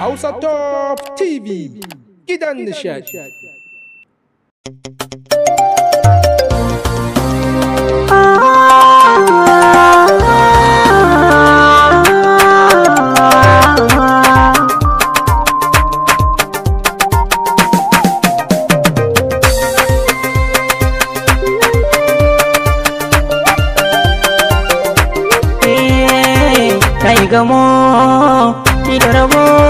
Hausa Top TV gidan nishadi. Eh, kai gamo, ki rabo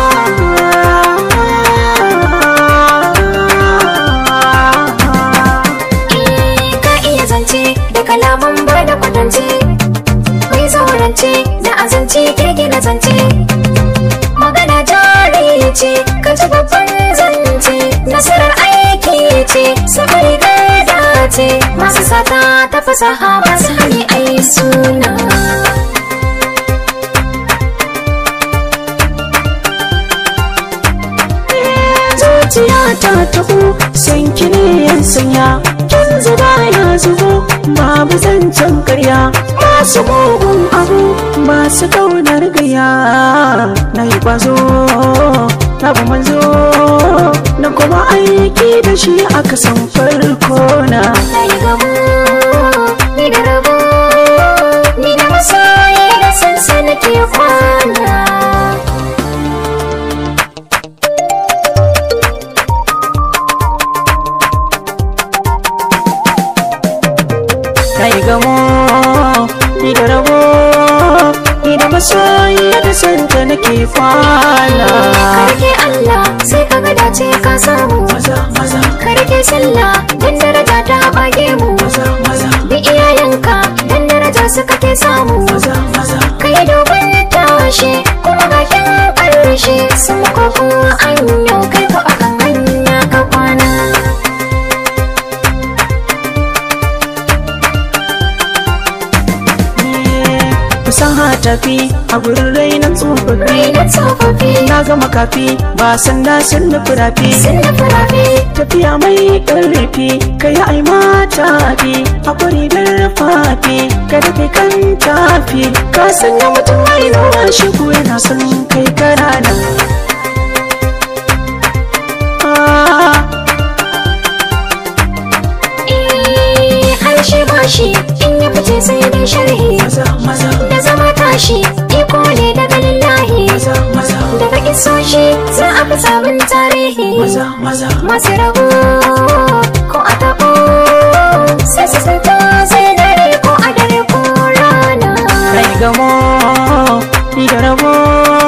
bar da kwatance mai zaurance da azance kirki na zance magana jari ce ka ji babban zance nasarar aiki ce safari gada ce masu sata ta fasaha masu hali ai suna zuciya ta tuhu sun kiri yan sunya na zubo babu zancen karya masu mugun abu masu kaunar gaya na yi kwazo ta bu manzo na kuma aiki da shi aka san farko na na yi sai gamo da rabo da masoyi da santa nake kwana karke Allah sai ka ga dace ka samu karke sallah dan daraja ta bage mu da iyayenka dan daraja suka ke samu suna tafi a gurin rainan tsofaffi na gama kafi ba sanda sun na furafi tafiya mai ƙarfi ka yi ai tafi A a kwaridar fafi ka dafi kan tafi ka sanya mutum mai nawa shi ko yana son kai karanan eh, shi in ya fice sai dai sharhi da zama bashi iko ne daga lillahi daga isoshi za a fi sabon tarihi masu rabo ko a tabo sai su ta sai dare ko a dare ko rana. Kai gamo, ni da